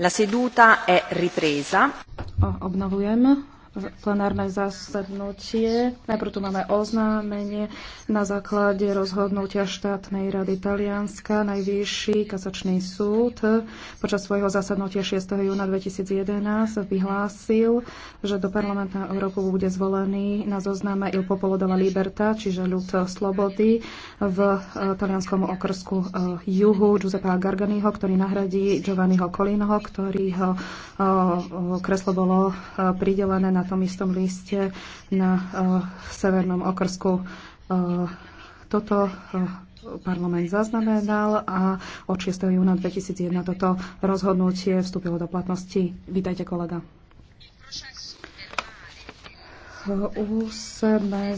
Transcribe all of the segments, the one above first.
La seduta è ripresa. Obnovujem plenárne zasadnutie. Najprv tu máme oznámenie na základe rozhodnutia štátnej rady Talianska. Najvyšší kasačný súd počas svojho zasadnutia 6. júna 2011 vyhlásil, že do parlamentného Európu bude zvolený na zozname Il Popolo della Liberta, čiže ľud slobody v eh, talianskom okrsku eh, juhu Giuseppe Garganiho, ktorý nahradí Giovanniho Colinoho, ktorýho eh, kreslo bolo pridelené na tom istom liste na uh, Severnom okrsku. Uh, toto uh, parlament zaznamenal a od 6. júna 2001 toto rozhodnutie vstúpilo do platnosti. Vítajte, kolega. Úsmezná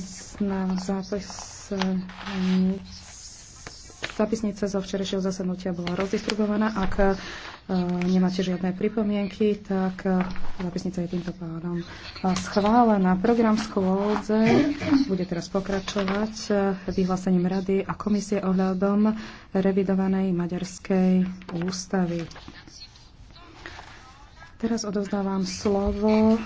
nic Zapisnica zo včerajšieho zasadnutia bola rozdistribuovaná. Ak e, nemáte žiadne pripomienky, tak e, zápisnica zapisnica je týmto pádom e, schválená. Program schôdze bude teraz pokračovať vyhlásením Rady a komisie ohľadom revidovanej maďarskej ústavy. Teraz odovzdávam slovo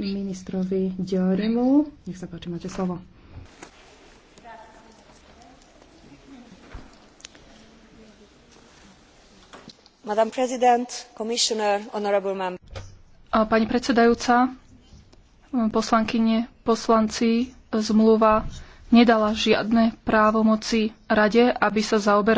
ministrovi Diorimu. Nech sa páči, máte slovo. Pani predsedajúca, poslankyne, poslanci, zmluva nedala žiadne právomoci rade, aby sa zaoberala